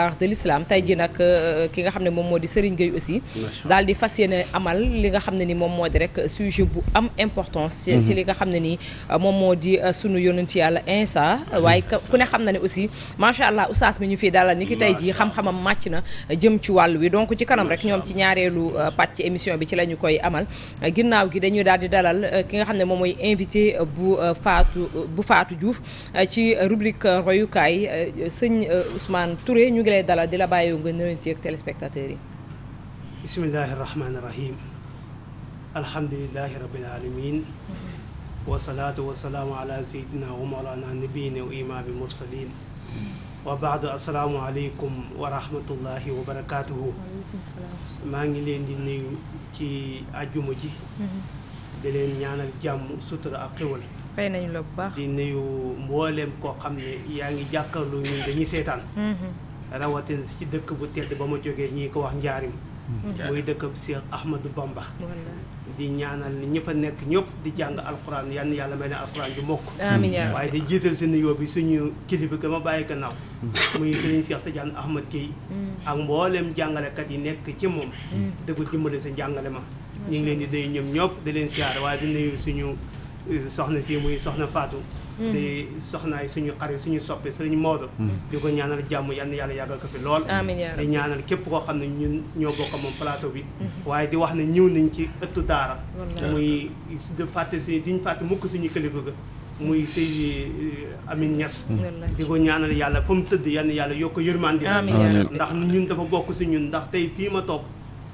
ar de l'islam tey jii nag euh, ki nga xam ne moom moo di Serigne Gueye aussi daal di fas yéene amal li nga xam ne ni moom moo di rek sujet bu am importance ci mhm. li nga xam ne ni euh, moom moo di euh, sunu yonent yàlla instant waaye ku ne xam na ne aussi macha allah oustaz mi ñu fii dalal ni ki tey jii xam-xamam màcc na jëm ci wàll wi donc ci kanam rek ñoom ci ñaareelu pàcc émission bi ci la ñu koy amal ginnaaw gi dañu daal di dalal ki nga xam ne moom mooy invité bu Fatou bu Fatou Diouf ci rubrique royukaay sëñ ngi lay dalal di la bàyyi nga nële ci ak téléspectateurs yi. bismillahi rahmaani rahim alhamdulilahi rabbil alamin wasalaatu wasalaamu ala wa imaami mursalin wa baadu asalaamu aleykum wa rahmatullahi wa barakaatuhu maa ngi leen di nuyu ci àjjuma ji di leen ñaanal jàmm sutura ak xéwal fay nañu la bu baax di nuyu mboolem koo xam ne yaa ngi jàkkaarloo ñun dañuy seetaan mm-hmm. rawatina ci dëkk bu tedd ba ma jógee ñii ko wax njaarim muy dëkk bu Cheikh Ahmadou Bamba di ñaanal ñi fa nekk ñëpp di jàng alxuraan yan yàlla may ne alxuraan ju mokk waaye di jiital seen nuyoo bi suñu kilifa ga ma bàyyi gannaaw muy sëriñ Cheikh Tidiane Ahmad Guèye mm. ak mbooleem jàngalekat yi nekk ci moom mm. da ko dimbale sa jàngale ma ñu ngi leen di nuyu ñoom ñëpp di leen siyaar waaye di nuyu suñu eh, soxna si muy soxna Fatou di mm-hmm. soxnaay suñu xarit suñu soppee sëriñ Moodu mm-hmm. di ko ñaanal jàmm yal yàlla yàggal ko fi lool di ñaanal képp ko xam ne ñun ñoo bokk moom plateau bi mm-hmm. waaye di wax na ñëw nañ ci ëttu daara muy di fàtte si diñ fàtte mukk suñu kilifa ga muy sëy eh, Amin Niass di ko ñaanal yàlla fa mu tëdd yal yàlla yokk yërmande ndax ñun dafa bokk si ñun ndax tey fii ma toog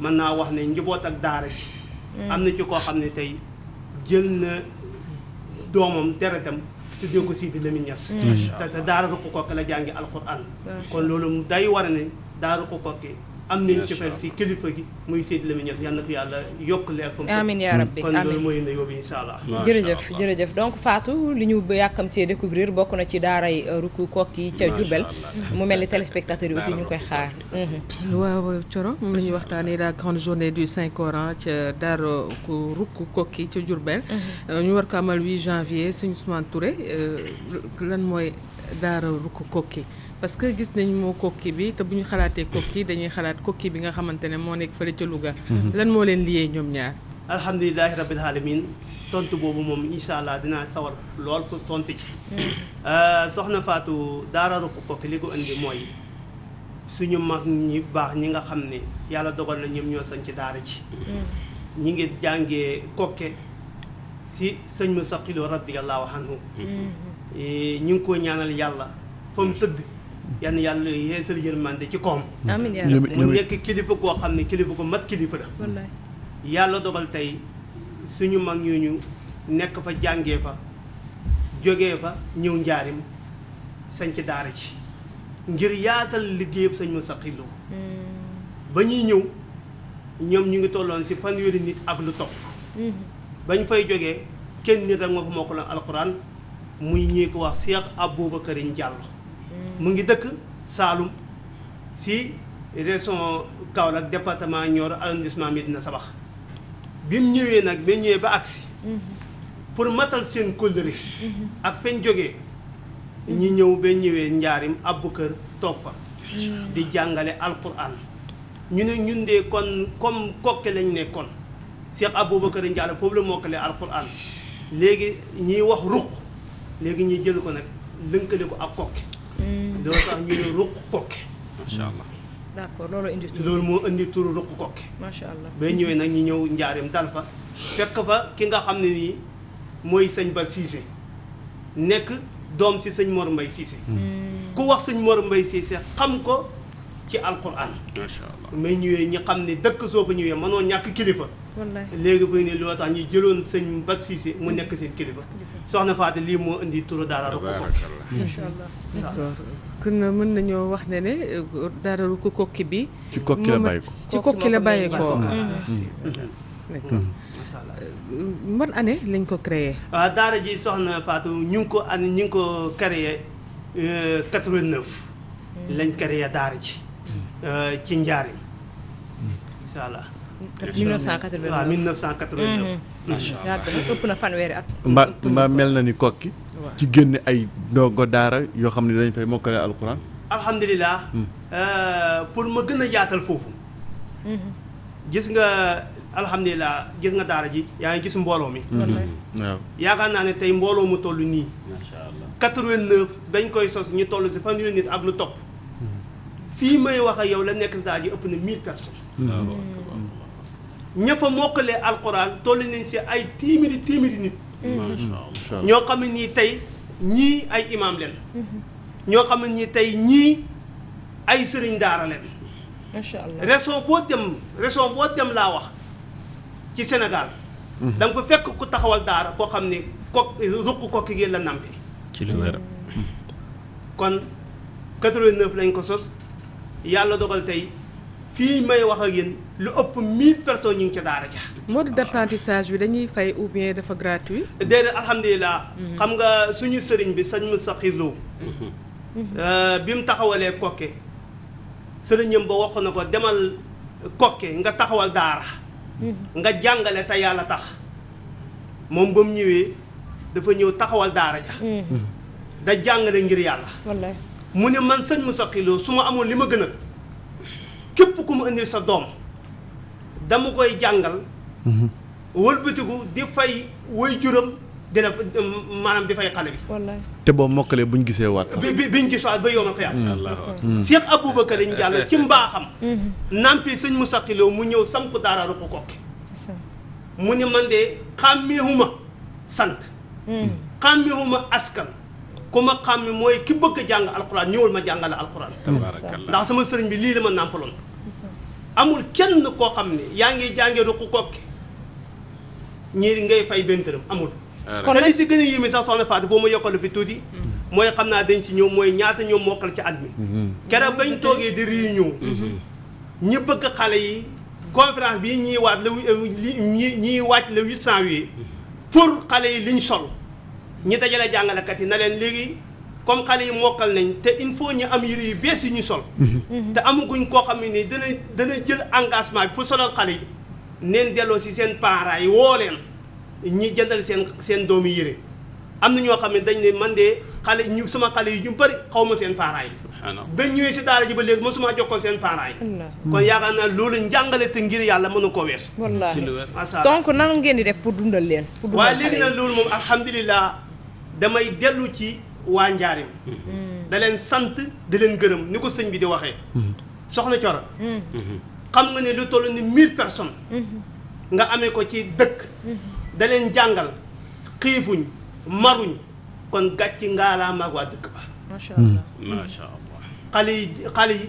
mën naa wax ne njaboot ak daara ji mm. am na ci koo xam ne tey jël na doomam deretam tuddee ko Sidi Lamine Niass. te daara Ruqu Kokki la jàngi alxuraan. kon loolu day war ne daara Ruqu Kokki am nañ cofeel si kilifa gi muy Seydi Lamine Niass yal na yàlla yokk leer fam amiin yaa rabbi kon loolu mooy na yóbbu incha allah jërëjëf jërëjëf donc Fatou li ñu yàkkamtee découvrir bokk na ci daaray euh, Rukku Kokki yi ca Diourbel mu mel ni téléspectateurs yi aussi ñu koy xaar mhm. waaw Thioro moom la ñuy waxtaanee la grande journée du Saint Coran ca daara Rukku Kokki ca Diourbel mhm. euh, ñu war ko amal 8 janvier suñu Ousmane Touré euh, lan mooy daara Rukku Kokki parce que gis nañ moo kokki bi te bu ñu xalaatee kokki dañuy xalaat kokki bi nga xamante ne moo nekk fële ca Louga. Mhm. lan moo leen liyee ñoom ñaar. alhamdulilah rabil alamin tontu boobu moom incha allah dinaa sawar lool pour tontu ci. Mhm. Euh, soxna Fatou daara ruq kokki li ko indi mooy suñu mag ñi baax ñi nga xam ne yàlla dogal na ñoom ñoo sañ ci daara ci mhm. ñi ngi jàngee kokke si sëñ ma saqiloo radiyallahu anhu ñu ngi ko ñaanal yàlla fa tëdd. yan yàlla yeesal yërmande ci koom. amiin yàlla mu nekk kilifa koo xam ne kilifa ko mat kilifa la. wallaay yàlla dogal tey suñu mag ñooñu nekk fa jànge fa jógee fa ñëw njaarim sañ ci daara ci ngir yaatal liggéeyam sañ ma sa xilloo hmm. ba ñuy ñëw ñoom ñu ngi tolloon ci fanweeri nit ak lu topp. Hmm. bañ fay jógee kenn nit rek moo fa mokkaloon alxuraan muy ñii ko wax Cheikh Aboubacar Diallo. mu ngi dëkk Saalum si région Kaolack département Nioro arrondissement Médina Sabax bi mu ñëwee nag ba ñëwee ba agsi pour matal seen kóllëre ak fañ jógee ñi ñëw ba ñëwee njaarim abbu kër toog fa di jàngale alquran ñu ne ñun de kon comme kokke lañ ne kon Cheikh Aboubacar Ndiallo foofu la mokkale alquran léegi ñiy wax ruq léegi ñuy jël ko nag lënkale ko ak kokke doo tax ñu ne ruq kokke macha allah mm. d'accord loolu moo indi turu ruq kokke macha allah ba ñëwee nag ñu ñëw njaareem dal fa fekk fa ki nga xam ne nii mooy sëñ ba Cissé nekk doom si sëñ Mor Mbay Cissé mm. ku wax sëñ Mor Mbay Cissé xam ko ci alquran macha allah may ñëwee ñi xam ne dëkk soo fa ñëwee mënoo ñàkk kilifa léegi fay ne loo tax ñu jëloon sëñ Bat Cissé mu nekk seen kilifa soxna Fatou lii moo indi turu daara ruq kokke na mën nañoo wax ne ne dara ko kokki bi. ci kokki la bàyyi ko ah, man mm-hmm. mm-hmm. euh, année lañ ko créé. waaw ah, daara ji soxna Fatou ñu ko an ñu ngi ko créé 89. Euh, mm. lañ créé daara ji. Mm. Euh, ci Njaaréem. Mm. incha mm-hmm. allah. 1989 waaw 1989. macha allah mel na ni kokki. ci génn ay ndongo daara yoo xam ne dañ fay mokkale alxuraan. alhamdulilah. Hmm. Euh, pour ma gën a jaatal foofu. Hmm. gis nga alhamdulilah gis nga daara ji yaa ngi gis mbooloo mi. Hmm. waaw yaakaar naa ne tey mbooloo mu toll nii. macha allah dañ koy sos ñu toll si fanweeri nit ak lu topp. fii may wax ak yow la nekk daara ji ëpp na 1000 personnes. ña fa mokkale alxuraan toll nañ si ay téeméeri téeméeri nit. ñoo xam ne nii tey ñii ay imaam leen ñoo xam ne nii tey ñii ay sëriñ daara leen macha boo dem région boo dem laa wax ci Sénégal mhm. da nga fa fekk ku taxawal daara koo xam ne kok ruq kokki gi la nampi ci lu wér kon 89 lañ ko sos yàlla dogal tey fii may wax ak yéen lu ëpp 1000 personnes ñu ngi ca daara ja. mode d'apprentissage bi dañuy fay ou bien dafa gratuit. déedéet alhamdulilah. Mhm. xam nga suñu sëriñ bi sëñ Moussa Xirlo. Mhm. Euh, bi mu taxawalee kokke sëriñam ba wax na ko demal kokke nga taxawal daara. Mhm. nga jàngale te yàlla tax moom ba mu ñëwee dafa ñëw taxawal daara ja. da jàngale ngir yàlla. mu ne man sëñ Moussa Xirlo su ma amoon li ma gën a. képp ku mu indil sa doom dama koy jàngal mhm. wëlbatiku di fay way juram dina maanaam di fay xale bi te boo mokkalee ñu gisee waat bi biñ gis waat ba yow ma ko yàq Cheikh Aboubacar ñu jàll ci mbaaxam mm-hmm. nampi sëñ mu saqiloo mu ñëw samp daara ruq kokki mu ne man de xàmmeewuma sant mm. xàmmeewuma askan ku ma xàmme mooy ki bëgg a jàng alxuraan ñëwal ma jàngale alxuraan ndax sama sëriñ bi lii la ma nàmpaloon amul kenn koo xam ne yaa ngi jànge ruq kokki ñii ngay fay benn dërëm amul te li si gën a yéeme sax soxna Fatou foo ma yokkal fi tuuti mm-hmm. mooy xam naa dañ ci ñëw mooy ñaata ñoom mokkal ci at mi mm-hmm. keroog bañ toogee di réunion mm-hmm. ñi bëgg xale yi conférence bi ñuy waat la euh, ñi ñiy wàcc le huit cent pour xale yi liñ sol ñi dajale jàngalekat yi na leen léegi comme xale yi mokkal nañ te il faut ñu am yére yu bees yu ñu sol mhm. te amaguñ koo xam ne nii dana dana jël encagement bi pour solal xale yi neen delloo si seen parents yi woo leen ñi jëndal seen seen doomu yére am na ñoo xam ne dañ ne man de xale ñu sama xale yi ñu bëri xaw ma seen parents yi dañ ñëwee si daara ji ba léegi suma jokkoo seen parents yi kon yaakaar naa loolu njàngale te ngir yàlla mënu ko weesu wallaahi donc nan ngeen di def pour dundal leen waaye léegi nag loolu damay dellu ci waa njaarim mm-hmm. da leen sant di leen gërëm ni ko sëñ bi di waxee mm-hmm. soxna Coro mm-hmm. xam nga ne lu toll ni mille personnes nga amee ko ci dëkk da leen jàngal xiifuñ maruñ kon gàcci ngaalaam ak waa dëkk ba xale yi xale yi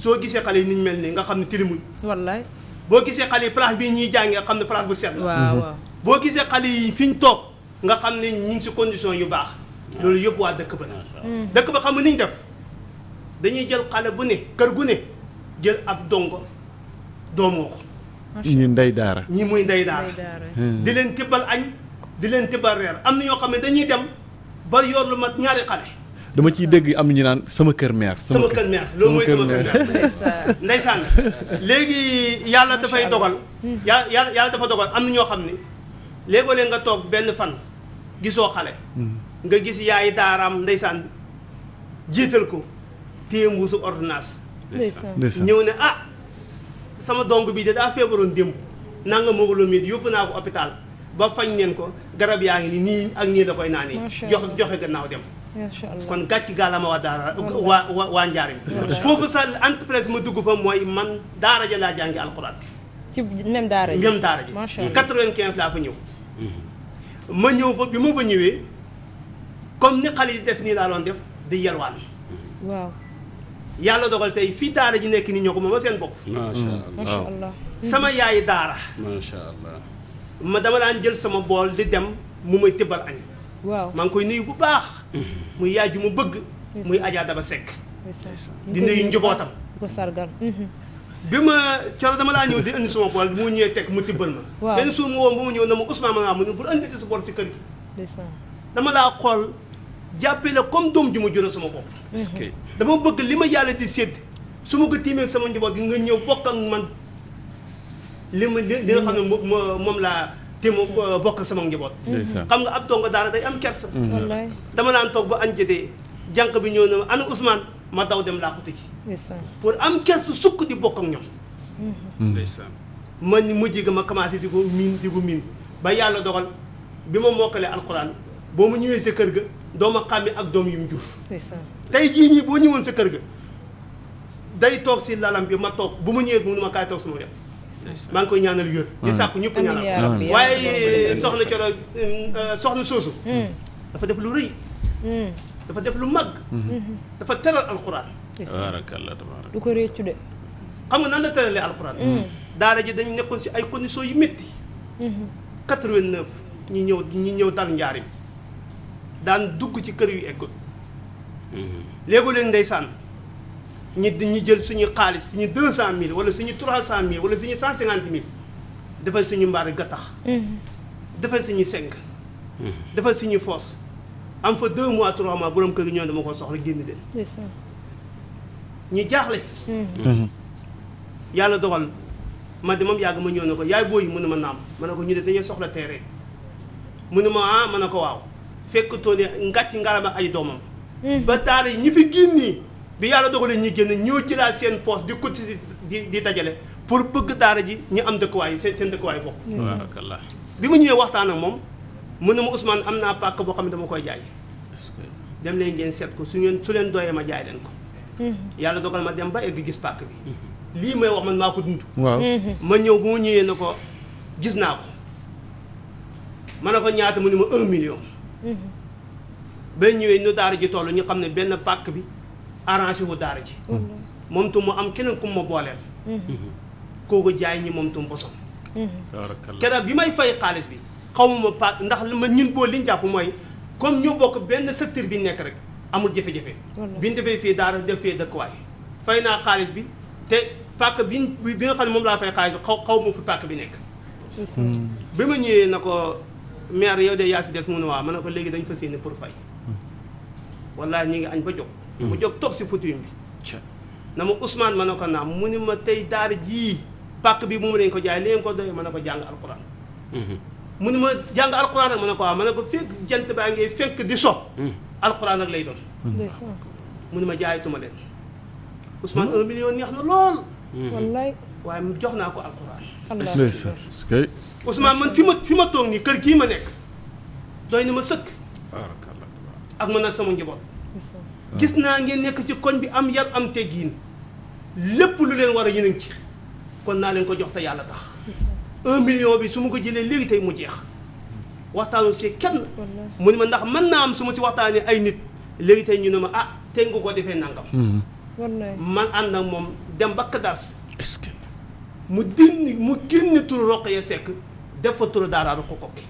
soo gisee xale yi niñ mel nii nga xam ne tilimuñ wallaay boo gisee xale yi place bi ñuy jàngee xam ne place bu set la boo gisee xale yi fi ñu toog nga xam ne ñu ngi si condition yu baax loolu yëpp waa dëkk ba la dëkk ba xam nga ni ñu def dañuy jël xale bu ne kër gu ne jël ab dongo doomoo ko ñu ndey daara ñi muy ndey daara hmm. di leen tibbal añ di leen tibbal reer am na ñoo xam ne dañuy dem ba yor lu mat ñaari xale dama ciy dégg am ñu naan sama kër meer sama kër meer loolu mooy sama kër meer ndeysaan léegi yàlla dafay dogal yàlla yàlla dafa dogal am na ñoo xam ne léegoo leen nga toog benn fan gisoo xale hmm. nga gis yaay daaraam ndeysaan jiital ko téye su ordonnance. ñëw ne ah sama dong bi de daa feebaroon démb nanga moo ko loo yóbbu naa ko hôpital ba fañ neen ko garab yaa ngi ni nii ak nii da koy naanee. jox joxe gannaaw dem. kon gàcc gàllama waa daara waa waa waa njaarim foofu sa entreprise ma dugg fa mooy man daara ja laa jàngi alxuraan ci même daara ji même daara ji quatre vingt mhm. ma ñëw fa bi ma ko ñëwee comme ni xale yi def nii laa doon def di yalwaan. waaw. yàlla doxal tey fii daara ji nekk nii ñoo ko moom seen bopp. macha allah sama yaay daara. macha ma dama daan jël sama bool di dem mu may tibbal añ. waaw maa ngi koy nuyu bu baax. muy yaay ju mu bëgg. muy Adja Daba Seck. di nuyu njabootam. di ko sargal. Mhm. bi ma coro dama laa ñëw di indi sama bool mu ñëwee teg mu tibbal ma. waaw benn suur mu woo mu ñëw na ma Ousmane ma ngaa mu ne pour indi ci sa bool si kër gi. dama laa xool. jàppee la comme doom ju ma jural suma bopp. dama bëgg li ma yàlla di sédd su ma ko tiimee sama njaboot gi nga ñëw bokk man li ma li nga xam ne moom laa te mu bokk sama njaboot. xam nga ab dongo daara day am kersa. Mm-hmm. dama naan toog ba añ jotee jànq bi ñëw na ma ana Ousmane ma daw dem laaxuti ci. pour am kersa sukk di bokk ak ñoom. Mm-hmm. ndeysaan. ñu mujj ga ma commencé di ko miin di ko miin ba yàlla dogal bi ma mokkalee alxuraan boo ma ñëwee sa kër ga. doom a xàmme ak doom yu mu jur tey jii ñii boo ñëwoon sa kër gi day toog si lalam bi ma toog bu ma ñëwee mu ne ma kaay toog sama wet maa ngi koy ñaanal wér di sàkku ñëpp ñaanal waaye eh, soxna coro eh, soxna soosu hmm. dafa def lu hmm. dafa def lu mag hmm. dafa teral alxuraan tabarakallah du ko réccu de xam nga nan la teralee alxuraan daara ji dañu nekkoon si ay conditions yu métti quatre-vingt-neuf ñi ñëw ñi ñëw dal njaarim daan dugg ci kër yu eggut mm-hmm. léegi-léeg ndeysaan ñi ñu jël suñu xaalis suñu deux cent mille wala suñu trois cent mille wala suñu cent cinquante mille defal suñu mbaari gattax mm-hmm. defal suñu cinq mm-hmm. defal suñu foos am fa deux mois trois mois borom kër gi ñoom dama ko soxla génn leen ñu jaaxle yàlla doxal man de moom yàgg ma ñëw ne ko yaay booy mu ne ma naam man ne ko ñu de dañuy soxla terrain mu ne ma ah ma ne ko waaw fekkatoo ne ngàcc ngalam ak ay doomam. Hmm. ba taari ñi fi gis génn bi yàlla dogalee ñi génn ñoo jëlaat seen poste di cotiser di di dajale pour bëgg daara ji ñu am dëkkuwaay seen seen dëkkuwaay bopp. bi mu ñëwee waxtaan ak moom mun na ma Ousmane am naa pàkk boo xam ne dama koy jaay. dem leen ngeen seet ko su ngeen su leen dooyee ma jaay leen ko. Hmm. yàlla dogal ma dem ba egg gis pàkk bi. Hmm. lii may wax man maa ko dund. waaw ma ñëw bu ma ñëwee ne ko gis naa ko. man ne ko ñaata mu ne ma un million. ba ñëwee nu daara ji toll ñu xam ne benn pàkk bi arrangé wu daara ji mm-hmm. moom tam mu am keneen kum ma booleel mm-hmm. Mm-hmm. kooku jaay ñi moom tam bosom keroog bi may fay xaalis bi xaw ma pàkk ndax ma ñun boo liñ jàpp mooy comme ñu bokk benn secteur bi nekk rek amul jafe-jafe biñ defee fii daara def fee dëkkuwaay fay naa xaalis bi te pàkk bi bi nga xam ne moom laa fay xaalis bi xaw xaw ma fi pàkk bi nekk bi ma ñëwee na ko maire yow de yaa si des mu ne waaw ma ne ko léegi dañ fas yéene pour fay wallaahi ñi ngi añ ba jóg mu jóg toog si fauteuil bi na ma Ousmane ma ne ko naam mu ni ma tey daara jii pàkk bi mu lañ ko jaay li ngeen ko doyee ma ne ko jàng alquran mhm. mu ni ma jàng alquran rek ma ne ko waaw ma ne ko fekk jant baa ngay fekk di so mhm. alquran rek lay doon mhm. mu ni ma jaayatuma leen hmm? Ousmane un million neex na lool wallaay waaye mu jox naa ko alxuraan. alhamdulilah Ousmane man fi ma fi ma toog nii kër gi ma nekk doy ni ma sëkk. ak man ak sama njaboot. gis naa ngeen nekk ci koñ bi am yar am teggiin lépp lu leen war a yéen ci kon naa leen ko jox te yàlla tax. un million bi su ma ko jëlee léegi tey mu jeex waxtaanu ci kenn. mu ne ma ndax mën naa am su ma ci waxtaanee ay nit léegi tey ñu ne ma ah tey nga ko defee nangam. Hmm. man ànd ak moom dem ba Kadaas. mu dindi mu génn turu Rokhaya Seck def fa turu Daara Rokhokokki.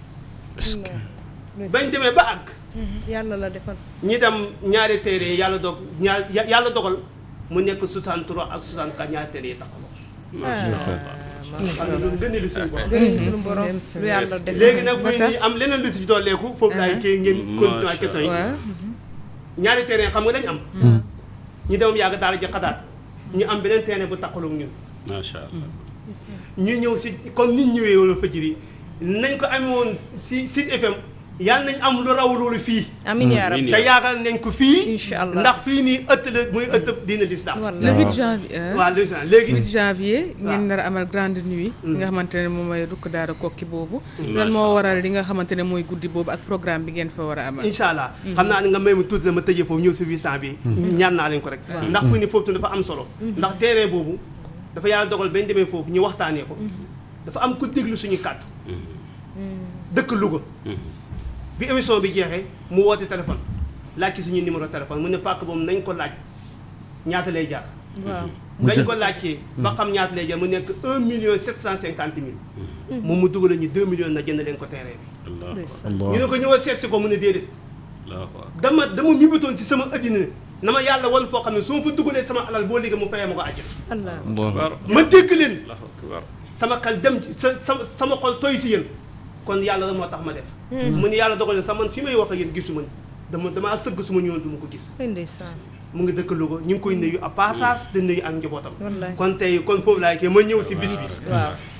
bañ demee ba àgg. Mm-hmm. yàlla la defal. ñi dem ñaari téere yàlla dog ñaar yàlla dogal mu nekk 63 ak 64 ñaari téere yi taxawoo. Ah, macha allah loolu gën suñu borom. gën suñu borom lu yàlla def léegi nag bu ñu am leneen lu si dooleeku. foofu laay ah. kii ngeen continuer question yi. Mm-hmm. ñaari terrain xam nga dañ am. Mm-hmm. ñu demoon yàgg daara ji xadaat ñu am beneen terrain bu taxawoo ak ñun. ñu ñëw si comme nit ñëwee wala fajiri nañ ko amee woon si si FM yaa nañ am lu raw loolu fii. amiin yaa rabbi te yaakaar nañ ko fii. incha allah ndax fii nii ëtt la muy ëtt diine l'islam. le 8 janvier. waaw léegi. 8 janvier ngeen nar a amal grande nuit. Mm. li nga xamante ne mooy rukk daara kokki boobu. Mm. lan moo waral li nga xamante ne mooy guddi boobu ak programme bi ngeen fa war a amal. allah mm. xam naa ne nga may ma tuuti dama tëjee foofu ñëw si 800 bi. ñaan naa leen ko rek. ndax fii nii foofu dafa am solo. ndax terrain boobu. dafa yàlla dogal bañ demee foofu ñu waxtaanee ko dafa am ku déglu suñu kàddu dëkk ko bi émission bi jeexee mu woote téléphone laaj suñu numéro téléphone mu ne pàkk boobu nañ ko laaj ñaata lay jaar waaw dañ ko laajtee hmm. ba xam ñaata lay jaar mu nekk un million sept cent cinquante mille hmm. moom mu dugal ñu deux millions na jënd leen ko terrain bi ñu ne ko ñëw a seet si ko mu ne déedéet dama dama ñubatoon ci sama addina na ma yàlla wan foo xam ne su ma fa dugalee sama alal boo liggéey mu fayee ma ko àjjana ma dégg leen sama xel dem sa sama sama xol tooy si yéen kon yàlla la moo tax ma def hmm. mu ne yàlla dogal ne sax man fi may wax ak yéen gisu ma dama damaa sëgg suma ma ñëwoon du ko gis mu ngi dëkk Louga ñu ngi koy nuyu à passage di nuyu ak njabootam kon tey kon foofu laay kee ma ñëw si bis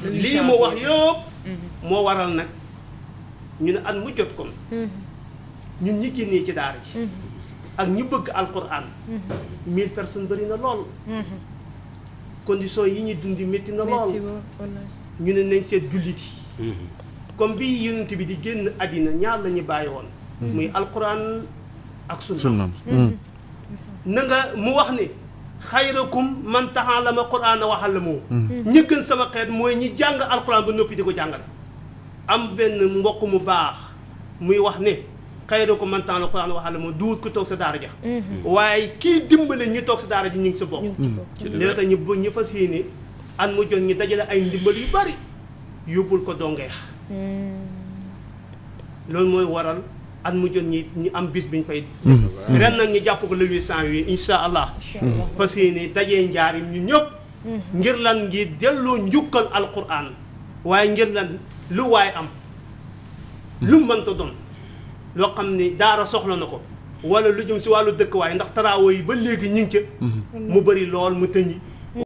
lii moo wax yëpp hmm. moo waral nag ñu ne at mu jot kon hmm. ñun ñi génnee ci daara ji ak ñu bëgg alquran. Mhm. mille personnes bëri na lool. Mhm. condition yi ñuy dundi métti na lool. ñu ne nañ seet jullit mhm. comme bi yonent bi di génn àddina ñaar la bàyyi woon. muy alquran ak sunna. na mu wax ne. xayrakum man ta'allama qur'ana wa 'allamahu ñi gën sama xeet mooy ñu jàng alquran ba noppi di ko jàngale. am benn mbokk mu baax muy wax ne. xayrukum man ta'allama al-Qur'ana wa 'allamahu duut ku toog sa daara ja mhm. waaye kii dimbale ñu toog sa daara ji ñu ngi sa bopp leeta tax ñu ñu fas yéene an mu jot ñi dajale ay ndimbal yu bari yóbbul ko donge hmm. loolu mooy waral at mu jot ñi ñu am bis bi ñu fay. Hmm. Hmm. ren nag ñu jàpp ko le huit cent huit incha allah. parce que ni dajee njaarim ñun ñëpp. ngir lan ngir delloo njukkal alquran waaye ngir lan lu waay am. lu mënta doon. loo xam ni daara soxla na ko wala lu jëm si wàllu dëkkuwaay ndax taraawo yi ba léegi ñu ngi ca mhm. mu bari lool mu tëñi